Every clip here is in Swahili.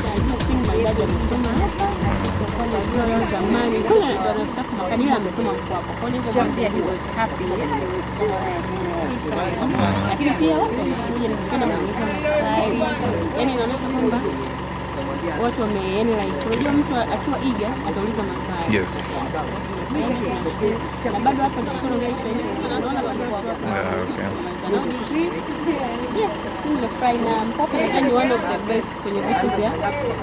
Yesu. Lakini pia watu watu wame yani like unajua mtu akiwa iga atauliza maswali. Yes. Na bado hapa ndio kuna guys wengi sana naona bado wako. Ah okay. Yes, fry na mpaka nadhani one of the best kwenye vitu vya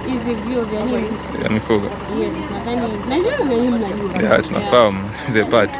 hizi vio vya nini? Ya yaani mifugo. Yes, nadhani najua na yeye mnajua. Yeah, tunafahamu. Ze part.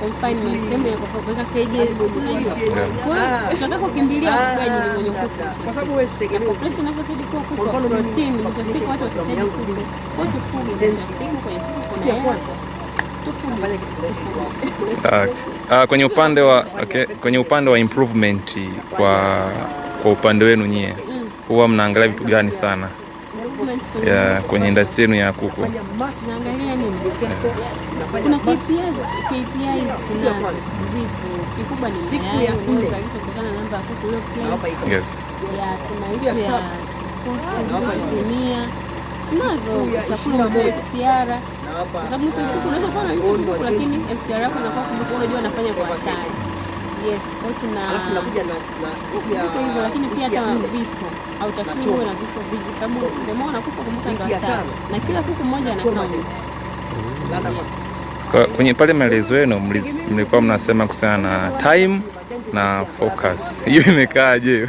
confinement, sehemu ya kuweka kukimbilia mwenye kuku, kwa sababu wewe sitegemea inavyozidi kuwa kubwa, kwa siku watu watahitaji kuku, kwa tufuge kwenye Uh, ah, ah, kwenye upande wa okay, kwenye upande wa improvement kwa kwa upande wenu nyie huwa mnaangalia vitu gani sana kwenye industry yenu ya kuku? Orchestra kuna KPIs tunazo zipo, kikubwa ni siku ya unaozalishwa kutokana na namba ya kuku ulio place ya kuna ishu ya post ulizozitumia nazo chakula mambo FCR, kwa sababu mwisho siku unaweza kuwa unalisha kuku lakini FCR yako inakuwa kumbuka, unajua unafanya kwa hasara. Yes, kwa tuna siku hivyo, lakini pia hata vifo au uwe na vifo vingi, sababu jamaa kufa kumbuka, ndio hasara, na kila kuku mmoja anakaa Kwenye pale maelezo yenu mlikuwa mnasema kuhusiana na time na focus, hiyo imekaaje?